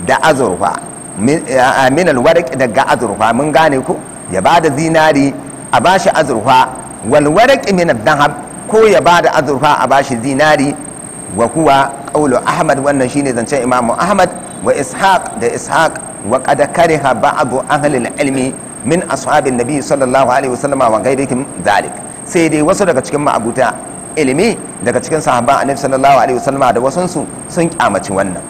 da azurfa min alwadaƙi daga azurfa mun gane ku ya ba da zinari a bashi azurfa walwadaƙi min zahab ko ya ba da azurfa a bashi zinari wa kuwa ƙaulu ahmad wannan shine zancen imamu ahmad wa ishaq da ishaq wa qad kariha ba'du ahli ilmi min ashabin nabi sallallahu alaihi wasallama wa ghairihim dhalik sai dai wasu daga cikin ma'abuta ilimi daga cikin sahabban annabi sallallahu alaihi wasallama da wasansu sun kyamaci wannan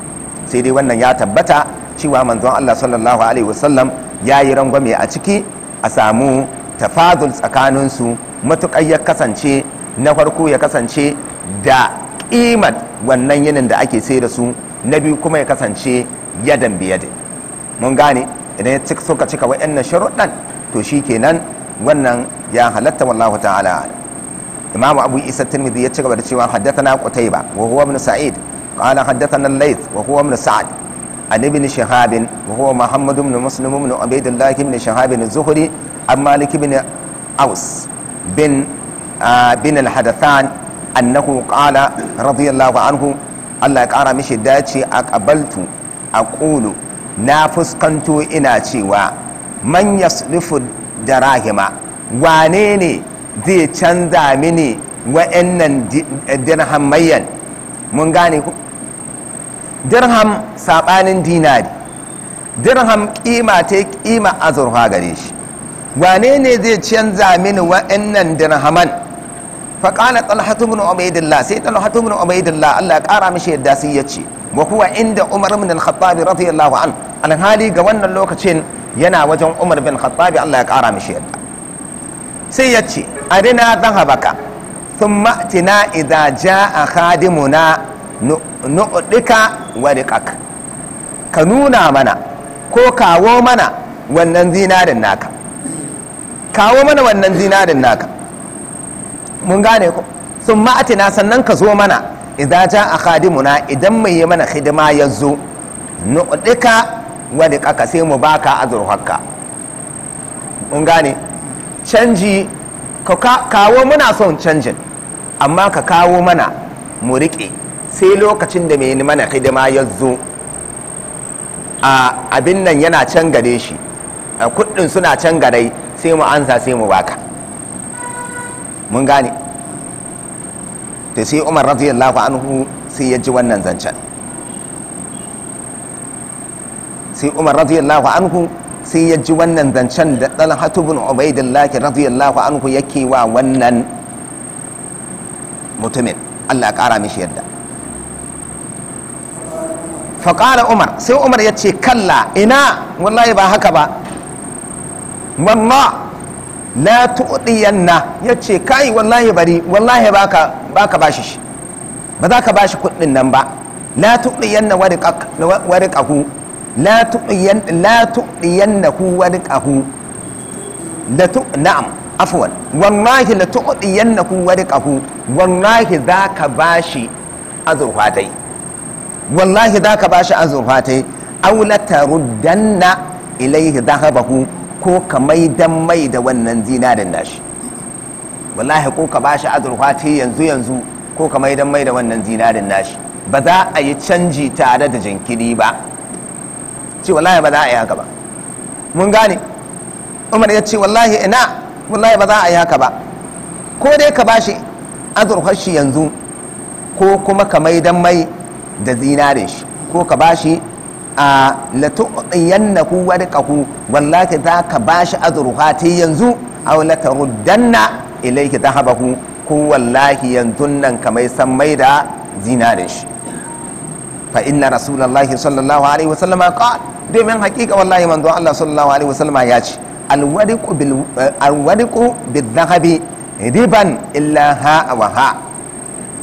sai dai wannan ya tabbata cewa manzon Allah sallallahu alaihi wasallam ya yi rangwame a ciki a samu tafadul su matuƙar ya kasance na farko ya kasance da ƙimar wannan yinin da ake sai da su na biyu kuma ya kasance yadan biyade. mun gane idan suka cika wa'annan sharuɗan to shi kenan wannan ya halatta wallahu ta'ala imam abu isa tirmidhi ya ci gaba da cewa haddathana qutayba wa huwa ibn sa'id qala haddathana al-layth wa huwa ibn sa'd an ibn shihab wa huwa muhammad ibn muslim ibn ubaydillah ibn shihab az-zuhri an malik ibn aus bin ah, bin al-hadathan annahu qala radiyallahu anhu Allah ya ƙara mishi dace a ƙabaltu a ƙulu na fuskanto ina cewa man yasrifu darahima wane ne zai canza mini wa'annan dirham mayan mun gane ku dirham saɓanin dinari dirham ƙima ta ƙima azurfa gare shi wane ne zai canza mini wa'annan dirhaman faƙala talhatu bin ubaidillah sai talhatu bin ubaidillah Allah ya ƙara mishi yadda sai ya ce wa huwa inda umar bin al-khattab radiyallahu an alhali ga wannan lokacin yana wajen umar bin khattab Allah ya ƙara mishi yadda sai ya ce arina dhahabaka thumma tina idza jaa khadimuna nu'dika wa riqak ka nuna mana ko kawo mana wannan zinarin naka kawo mana wannan zinarin naka mun gane ku sun ma'atina sannan ka zo mana idan ja a khadimuna idan mai yi mana hidima ya zo nuɗika wani ƙaka sai mu baka azurhakka mun gane canji ka kawo muna son canjin amma ka kawo mana mu riƙe sai lokacin da mai mana hidima ya zo a abin nan yana can gare shi a kuɗin suna can gare sai mu ansa sai mu baka mun gane ta sai umar radiyallahu anhu sai ya ji wannan zancen sai umar radiyallahu anhu sai ya ji wannan zancen da ɗan hatubun ubaidillahi radiyallahu anhu yake wa wannan mutumin allah ƙara mishi yadda faƙara umar sai umar ya ce kalla ina wallahi ba haka ba wallah la tu'diyanna yace kai wallahi bari wallahi baka baka bashi shi ba za ka bashi kuɗin nan ba la tu'diyanna warqahu la tu'diyan la tu'diyannahu warqahu la tu na'am afwan wallahi la tu'diyannahu warqahu wallahi za ka bashi azurfatai wallahi za ka bashi azurfatai aw la taruddanna ilayhi dhahabahu ko ka dan mai da wannan zinarin nashi wallahi ko ka bashi azurfa ta yanzu yanzu ko ka dan mai da wannan zinarin nashi ba za a yi canji tare da jinkiri ba ce wallahi ba za a yi haka ba mun gane umar ya ce wallahi ina wallahi ba za a yi haka ba ko dai ka bashi azurfar shi yanzu ko kuma ka dan mai da zinarin shi ko ka bashi a latu'yannahu ku wallahi za ka bashi azruha ta yanzu a aw ilaiki ta haba ku. Ku wallahi yanzu nan kamai san mai da zinarin shi fa inna rasulullahi sallallahu alaihi wasallama qala domin hakika wallahi manzo Allah sallallahu alaihi wasallama ya ce alwadiqu bil alwadiqu bidhahabi riban illa ha wa ha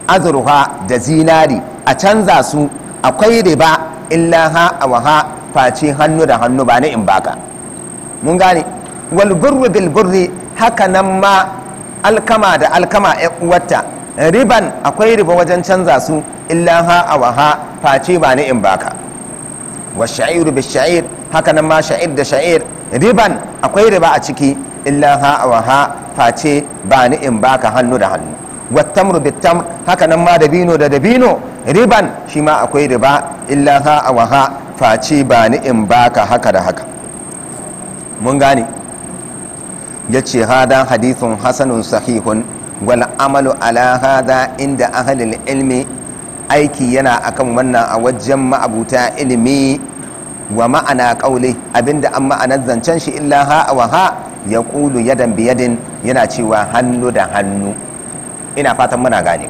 azurfa da zinari a canza su akwai riba illa ha wa ha face hannu da hannu ba na in baka mun gane wal burri bil haka nan ma alkama da alkama ya uwarta riban akwai riba wajen canza su illa ha awa ha face ba na in baka wa sha'iru bi sha'ir haka nan ma sha'ir da sha'ir riban akwai riba a ciki illa ha awa ha face ba ni in baka hannu da hannu wa tamru bi tamr haka nan ma dabino da dabino riban shi ma akwai riba illa ha a waha face ba ni in baka haka da haka mun gane ya ce hada hadithun hasanun sahihun wal amalu ala hada inda ahalil ilmi aiki yana akan wannan a wajen ma'abuta ilimi wa ma'ana kauli abinda an ma'ana zancen shi illa ha wa ha ya kulu yadan biyadin yana cewa hannu da hannu ina fatan muna gane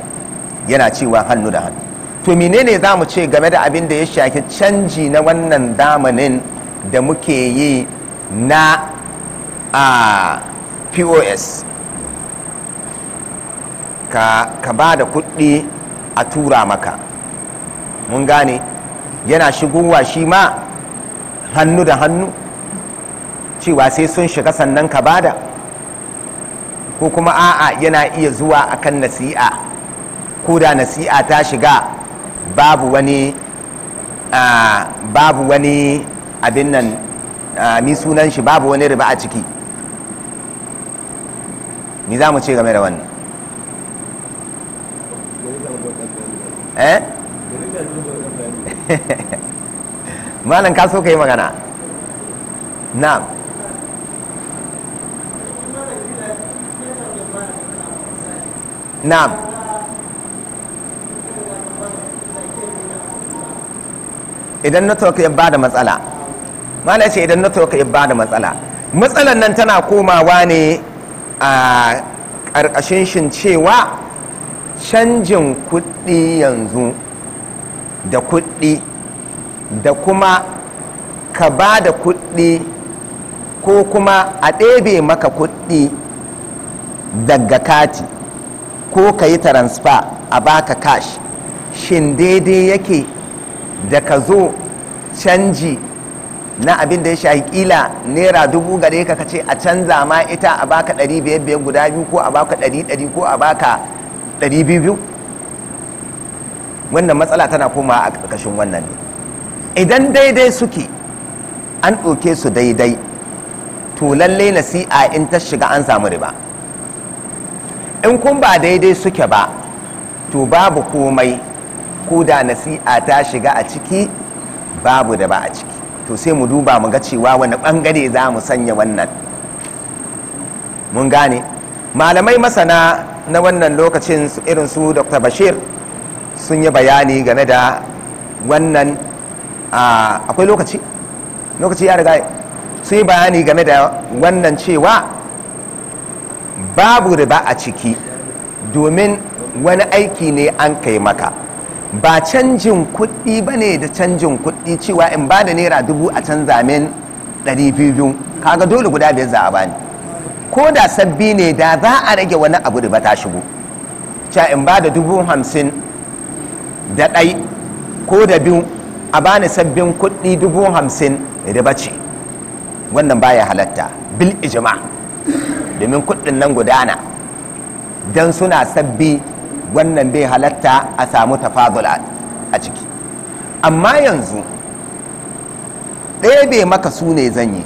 yana cewa hannu da hannu to menene za mu ce game da abin da ya shafi canji na wannan zamanin da muke yi na a pos ka, ba da kuɗi a tura maka mun gane yana shigowa shi ma hannu da hannu cewa sai sun shiga sannan ka bada ko kuma a'a yana iya zuwa akan nasi'a ko da nasi'a ta shiga babu wani babu wani abin nan ni sunan shi babu wani riba a ciki ni za mu ce game da wannan eh <laughs> malam ka so ka yi magana na. na'am idan network ya bada matsala mana ce idan network ya bada matsala matsalan nan tana komawa ne a ƙarƙashin shin cewa canjin kuɗi yanzu da kuɗi da kuma ka ba da kuɗi ko kuma a ɗebe maka kuɗi daga kati ko ka yi transfer a baka cash shin daidai yake da ka zo canji na abin da ya shahi kila naira dubu gare ka kace a canza ma ita a baka ɗari biyar biyar guda biyu ko a baka ɗari ɗari ko a baka ɗari biyu biyu wannan matsala tana koma a ƙarƙashin wannan ne idan daidai suke an ɗauke su daidai to lalle nasi'a in ta shiga an samu riba in kun ba daidai suke ba to babu komai ko da nasi'a ta shiga a ciki babu da ba a ciki to sai mu duba mu ga cewa wani bangare za mu sanya wannan mun gane malamai masana na wannan lokacin irin su dr bashir sun yi bayani game da wannan akwai lokaci lokaci ya riga sun yi bayani game da wannan cewa babu riba a ciki domin wani aiki ne an kai maka ba canjin kuɗi ba ne da canjin kuɗi cewa in ba da naira dubu a canza min ɗari biyu kaga dole guda biyar za a bani ko da sabbi ne da za a rage wani abu da ba ta shigo cewa in ba da dubu hamsin da ɗai ko da biyu a bani sabbin kuɗi dubu hamsin riba ce wannan baya halatta bil ijma domin kuɗin nan gudana Dan suna sabbi wannan bai halatta a samu tafadul a ciki amma yanzu bai maka su ne zan yi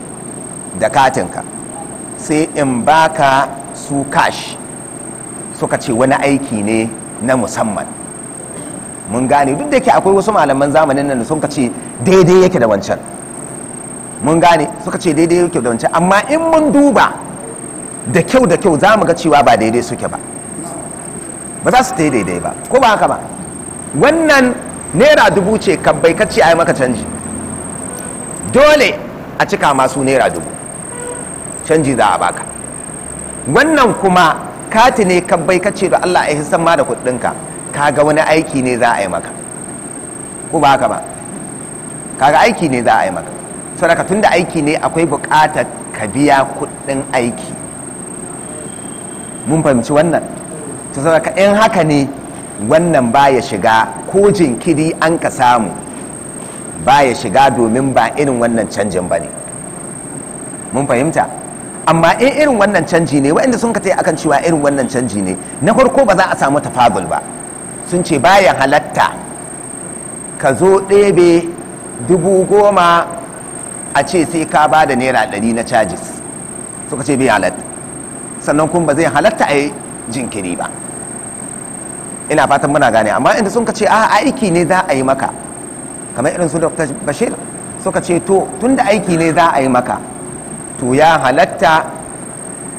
da katinka sai in baka su kashi suka ce wani aiki ne na musamman mun gane duk da ke akwai wasu malaman zamanin nan sun suka ce daidai yake da wancan mun gane suka ce daidai yake da wancan amma in mun duba da kyau da kyau za mu ga cewa ba daidai suke ba ba za su ta daidai ba ko ba haka ba wannan naira dubu ce bai kacce a yi maka canji dole a cika masu naira dubu canji za a baka wannan kuma kati ne bai kacce da Allah ya hisan ma da kuɗinka ga wani aiki ne za a yi maka ko ba haka ba ka ga aiki ne za a yi maka sadaka tun da aiki ne akwai buƙatar ka biya kuɗin aiki mun fahimci wannan to saboda in haka ne wannan baya shiga ko jinkiri an ka samu baya shiga domin ba irin wannan canjin ba ne mun fahimta amma in irin wannan canji ne waɗanda sun kace akan cewa irin wannan canji ne na farko ba za a samu tafazul ba sun ce baya halatta ka zo ɗebe dubu goma a ce sai ka ba da naira ɗari na charges suka ce bai halatta sannan kuma ba zai halatta a yi jinkiri ba ina fatan muna gane amma inda sun ka ce a aiki ne za a yi maka kamar irin su dr bashir suka ce to tun da aiki ne za a yi maka to ya halatta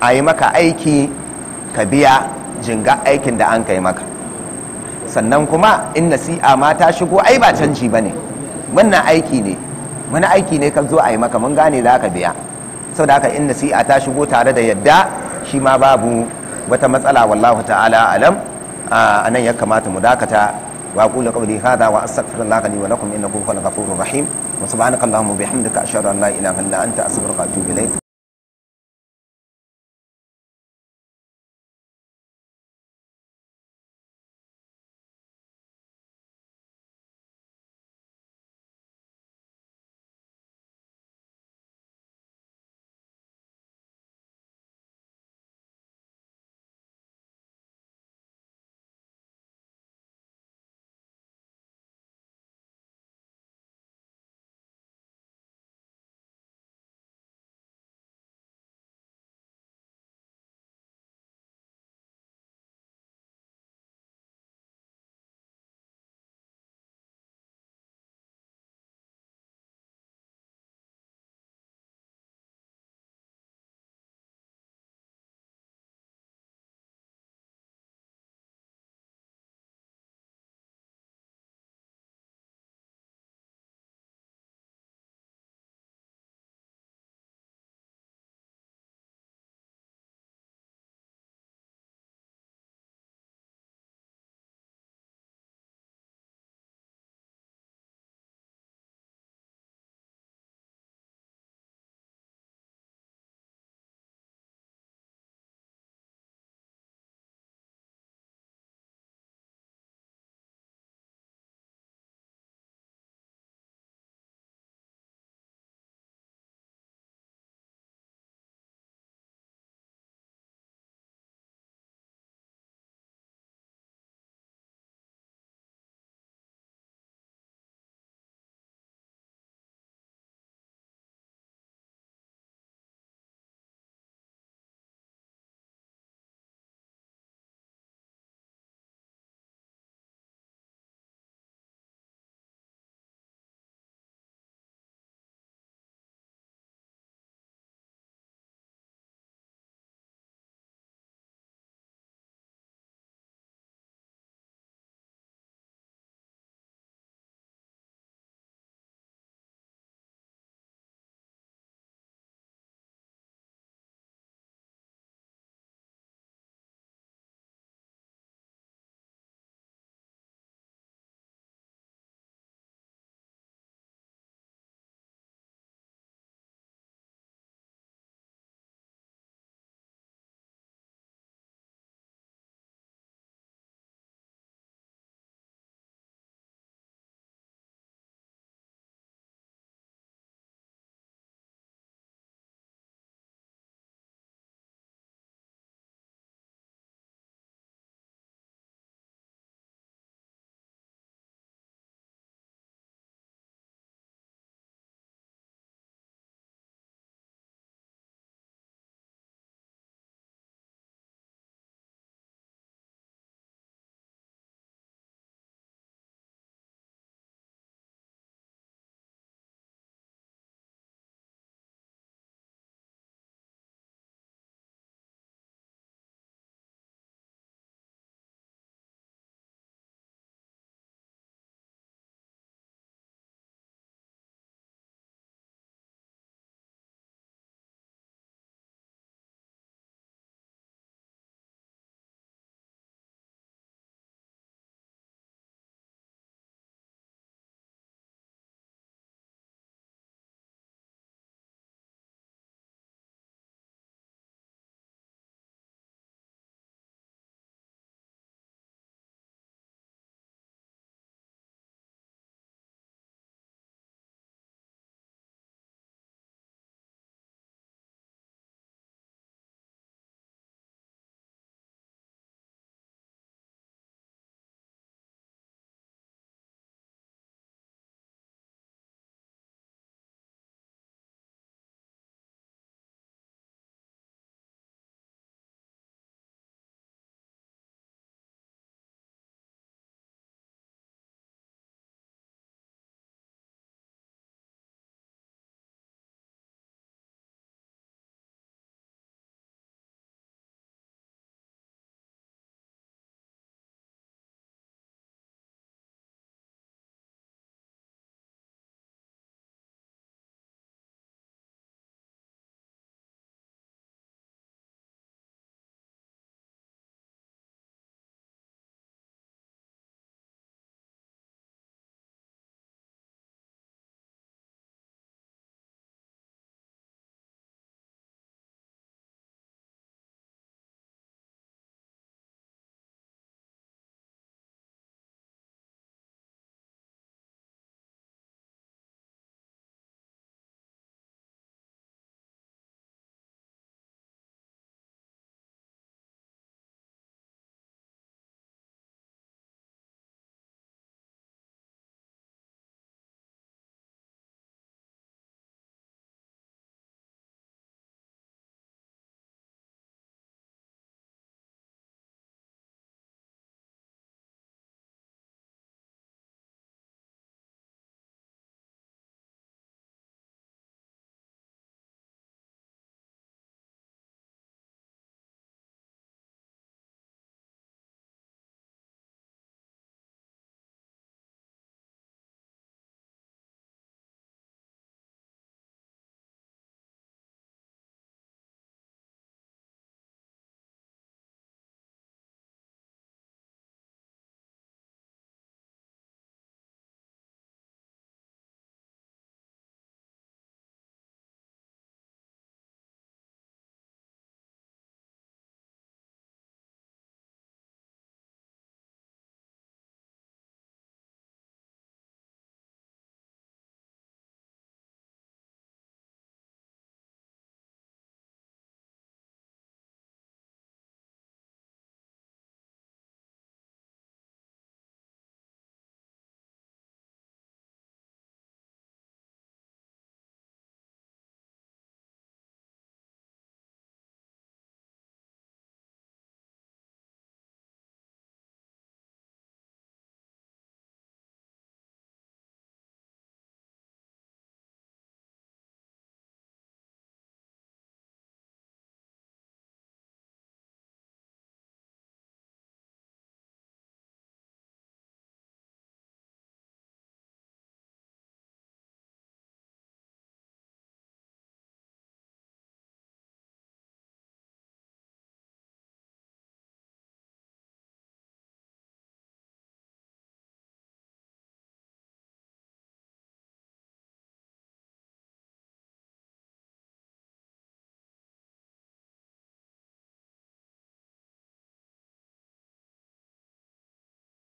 a yi maka aiki ka biya jinga aikin da an ka yi maka sannan kuma in nasi'a ma ta shigo ai ba canji ba ne wannan aiki ne wani aiki ne ka zo a yi maka mun gane za ka biya saboda haka in nasi'a ta shigo tare da yadda shi ma babu wata matsala wallahu ta'ala alam a nan ya kamata mu dakata wa aqulu qawli hadha wa astaghfirullaha li wa lakum innahu huwal ghafurur rahim wa subhanakallahumma bihamdika ashhadu an la ilaha illa anta astaghfiruka wa atubu ilayk